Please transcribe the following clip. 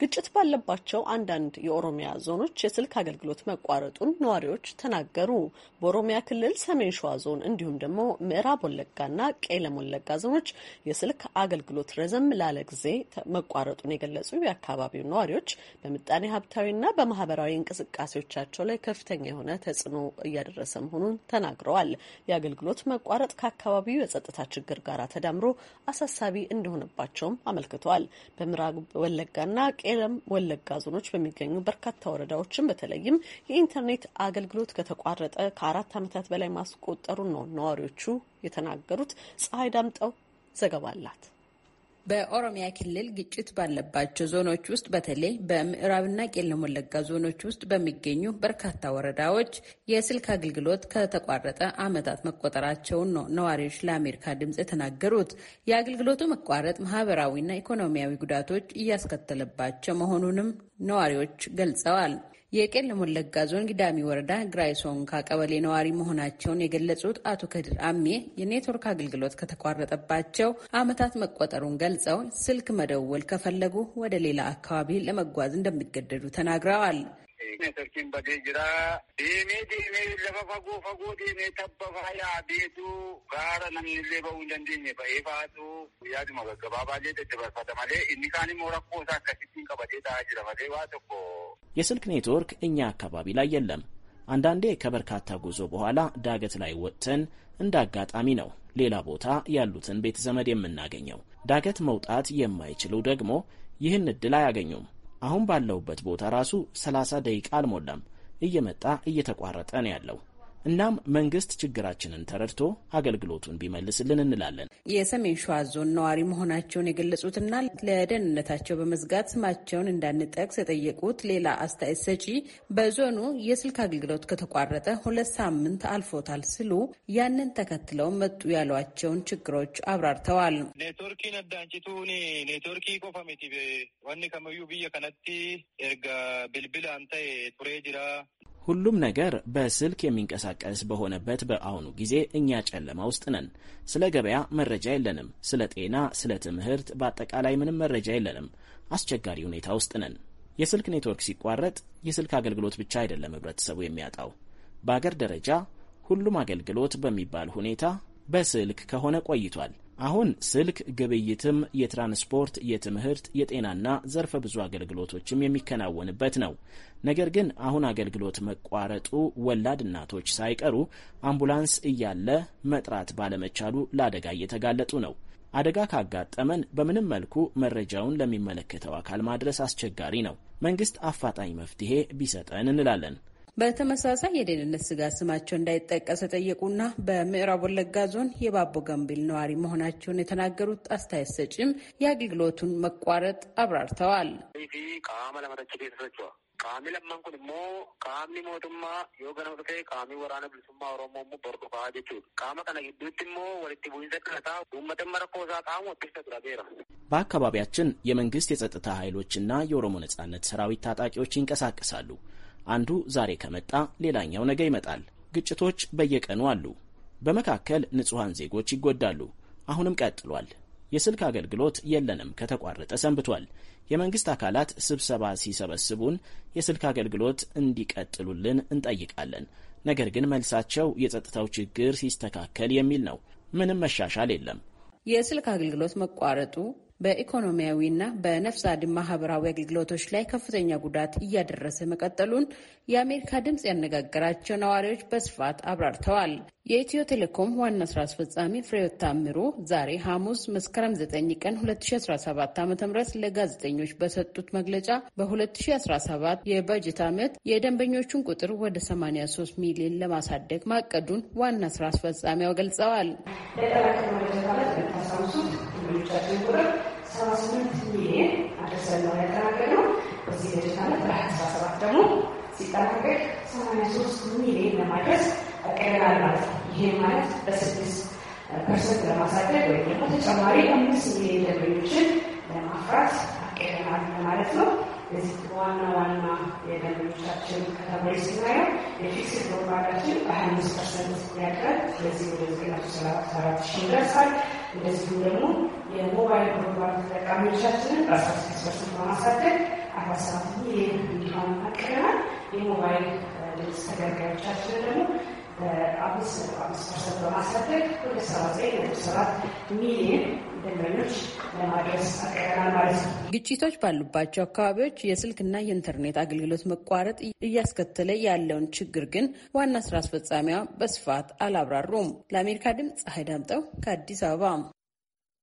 ግጭት ባለባቸው አንዳንድ የኦሮሚያ ዞኖች የስልክ አገልግሎት መቋረጡን ነዋሪዎች ተናገሩ። በኦሮሚያ ክልል ሰሜን ሸዋ ዞን እንዲሁም ደግሞ ምዕራብ ወለጋና ቄለም ወለጋ ዞኖች የስልክ አገልግሎት ረዘም ላለ ጊዜ መቋረጡን የገለጹ የአካባቢው ነዋሪዎች በምጣኔ ሀብታዊና በማህበራዊ እንቅስቃሴዎቻቸው ላይ ከፍተኛ የሆነ ተጽዕኖ እያደረሰ መሆኑን ተናግረዋል። የአገልግሎት መቋረጥ ከአካባቢው የጸጥታ ችግር ጋር ተዳምሮ አሳሳቢ እንደሆነባቸውም አመልክተዋል። በምዕራብ ወለጋና በቄለም ወለጋ ዞኖች በሚገኙ በርካታ ወረዳዎችን በተለይም የኢንተርኔት አገልግሎት ከተቋረጠ ከአራት ዓመታት በላይ ማስቆጠሩ ነው ነዋሪዎቹ የተናገሩት። ፀሐይ ዳምጠው ዘገባ አላት። በኦሮሚያ ክልል ግጭት ባለባቸው ዞኖች ውስጥ በተለይ በምዕራብና ቄለም ወለጋ ዞኖች ውስጥ በሚገኙ በርካታ ወረዳዎች የስልክ አገልግሎት ከተቋረጠ ዓመታት መቆጠራቸውን ነው ነዋሪዎች ለአሜሪካ ድምፅ የተናገሩት። የአገልግሎቱ መቋረጥ ማህበራዊና ኢኮኖሚያዊ ጉዳቶች እያስከተለባቸው መሆኑንም ነዋሪዎች ገልጸዋል። የቄለም ወለጋ ዞን ጊዳሚ ወረዳ ግራይ ሶንካ ቀበሌ ነዋሪ መሆናቸውን የገለጹት አቶ ከድር አሜ የኔትወርክ አገልግሎት ከተቋረጠባቸው ዓመታት መቆጠሩን ገልጸው ስልክ መደወል ከፈለጉ ወደ ሌላ አካባቢ ለመጓዝ እንደሚገደዱ ተናግረዋል። dhiine sochiin badee jira. Deemee deemee lafa fagoo fagoo deemee tabba faayaa beetuu gaara namni illee bahuu hin dandeenye bahee baatu guyyaadhuma gaggabaabalee daddabarfata malee inni kaan immoo rakkoo isaa akkasittiin qabatee ta'aa jira malee waa tokko. የስልክ ኔትወርክ እኛ አካባቢ ላይ የለም። አንዳንዴ ከበርካታ ጉዞ በኋላ ዳገት ላይ ወጥተን እንደ አጋጣሚ ነው ሌላ ቦታ ያሉትን ቤተ ዘመድ የምናገኘው። ዳገት መውጣት የማይችሉ ደግሞ ይህን እድል አያገኙም። አሁን ባለሁበት ቦታ ራሱ ሰላሳ ደቂቃ አልሞላም እየመጣ እየተቋረጠ ነው ያለው። እናም መንግስት ችግራችንን ተረድቶ አገልግሎቱን ቢመልስልን እንላለን። የሰሜን ሸዋ ዞን ነዋሪ መሆናቸውን የገለጹትና ለደህንነታቸው በመዝጋት ስማቸውን እንዳንጠቅስ የጠየቁት ሌላ አስተያየት ሰጪ በዞኑ የስልክ አገልግሎት ከተቋረጠ ሁለት ሳምንት አልፎታል ስሉ ያንን ተከትለው መጡ ያሏቸውን ችግሮች አብራርተዋል። ኔትወርኪ ነዳንጭቱ ኔትወርኪ ቆፋሜቲ ወኒ ከመዩ ብየ ከነቲ ኤርጋ ብልብል አንተ ቱሬ ጅራ ሁሉም ነገር በስልክ የሚንቀሳቀስ በሆነበት በአሁኑ ጊዜ እኛ ጨለማ ውስጥ ነን። ስለ ገበያ መረጃ የለንም። ስለ ጤና፣ ስለ ትምህርት፣ በአጠቃላይ ምንም መረጃ የለንም። አስቸጋሪ ሁኔታ ውስጥ ነን። የስልክ ኔትወርክ ሲቋረጥ የስልክ አገልግሎት ብቻ አይደለም ህብረተሰቡ የሚያጣው። በአገር ደረጃ ሁሉም አገልግሎት በሚባል ሁኔታ በስልክ ከሆነ ቆይቷል። አሁን ስልክ ግብይትም፣ የትራንስፖርት፣ የትምህርት፣ የጤናና ዘርፈ ብዙ አገልግሎቶችም የሚከናወንበት ነው። ነገር ግን አሁን አገልግሎት መቋረጡ ወላድ እናቶች ሳይቀሩ አምቡላንስ እያለ መጥራት ባለመቻሉ ለአደጋ እየተጋለጡ ነው። አደጋ ካጋጠመን በምንም መልኩ መረጃውን ለሚመለከተው አካል ማድረስ አስቸጋሪ ነው። መንግስት አፋጣኝ መፍትሄ ቢሰጠን እንላለን። በተመሳሳይ የደህንነት ስጋት ስማቸው እንዳይጠቀስ የጠየቁና በምዕራብ ወለጋ ዞን የባቦ ገንቢል ነዋሪ መሆናቸውን የተናገሩት አስተያየት ሰጪም የአገልግሎቱን መቋረጥ አብራርተዋል። በአካባቢያችን የመንግስት የጸጥታ ኃይሎችና የኦሮሞ ነጻነት ሰራዊት ታጣቂዎች ይንቀሳቀሳሉ። አንዱ ዛሬ ከመጣ ሌላኛው ነገ ይመጣል። ግጭቶች በየቀኑ አሉ። በመካከል ንጹሐን ዜጎች ይጎዳሉ። አሁንም ቀጥሏል። የስልክ አገልግሎት የለንም ከተቋረጠ ሰንብቷል። የመንግስት አካላት ስብሰባ ሲሰበስቡን የስልክ አገልግሎት እንዲቀጥሉልን እንጠይቃለን። ነገር ግን መልሳቸው የጸጥታው ችግር ሲስተካከል የሚል ነው። ምንም መሻሻል የለም። የስልክ አገልግሎት መቋረጡ በኢኮኖሚያዊና በነፍስ አድን ማህበራዊ አገልግሎቶች ላይ ከፍተኛ ጉዳት እያደረሰ መቀጠሉን የአሜሪካ ድምፅ ያነጋገራቸው ነዋሪዎች በስፋት አብራርተዋል። የኢትዮ ቴሌኮም ዋና ስራ አስፈጻሚ ፍሬሕይወት ታምሩ ዛሬ ሐሙስ መስከረም 9 ቀን 2017 ዓ ም ለጋዜጠኞች በሰጡት መግለጫ በ2017 የበጀት ዓመት የደንበኞቹን ቁጥር ወደ 83 ሚሊዮን ለማሳደግ ማቀዱን ዋና ስራ አስፈጻሚው ገልጸዋል። ሚሊየን አደርሰን ነው ያጠናቀቅነው። በዚህ በጀት ዓመት በሀያ ሰባት ደግሞ ሲጠናቀቅ ሰማንያ ሶስት ሚሊየን ለማድረስ አቅደናል ማለት ነው። ይሄ ማለት በስድስት ፐርሰንት ለማሳደግ ወይም ደግሞ ተጨማሪ አምስት ሚሊዮን ደንበኞችን ለማፍራት አቅደናል ማለት ነው። ለዚህ ዋና ዋና የደንበኞቻችን ከተሞች ስናየው የፊክስድ ሎን በሀያ አምስት ፐርሰንት ያድራል። ስለዚህ ወደ ዘጠኝ መቶ ሰላሳ አራት ሺህ ይደርሳል። እንደዚሁም ደግሞ የሞባይል ፕሮግራም ተጠቃሚዎቻችንን በአስራ ስድስት ፐርሰንት በማሳደግ አርባ ሰባት ሚሊዮን እንዲሆን አቅደናል። የሞባይል ድምፅ ተገልጋዮቻችንን ደግሞ በአምስት አምስት ፐርሰንት በማሳደግ ወደ ሰባ ዘጠኝ ነጥብ ሰባት ሚሊዮን ግጭቶች ባሉባቸው አካባቢዎች የስልክና የኢንተርኔት አገልግሎት መቋረጥ እያስከተለ ያለውን ችግር ግን ዋና ስራ አስፈጻሚዋ በስፋት አላብራሩም። ለአሜሪካ ድምፅ ፀሐይ ዳምጠው ከአዲስ አበባ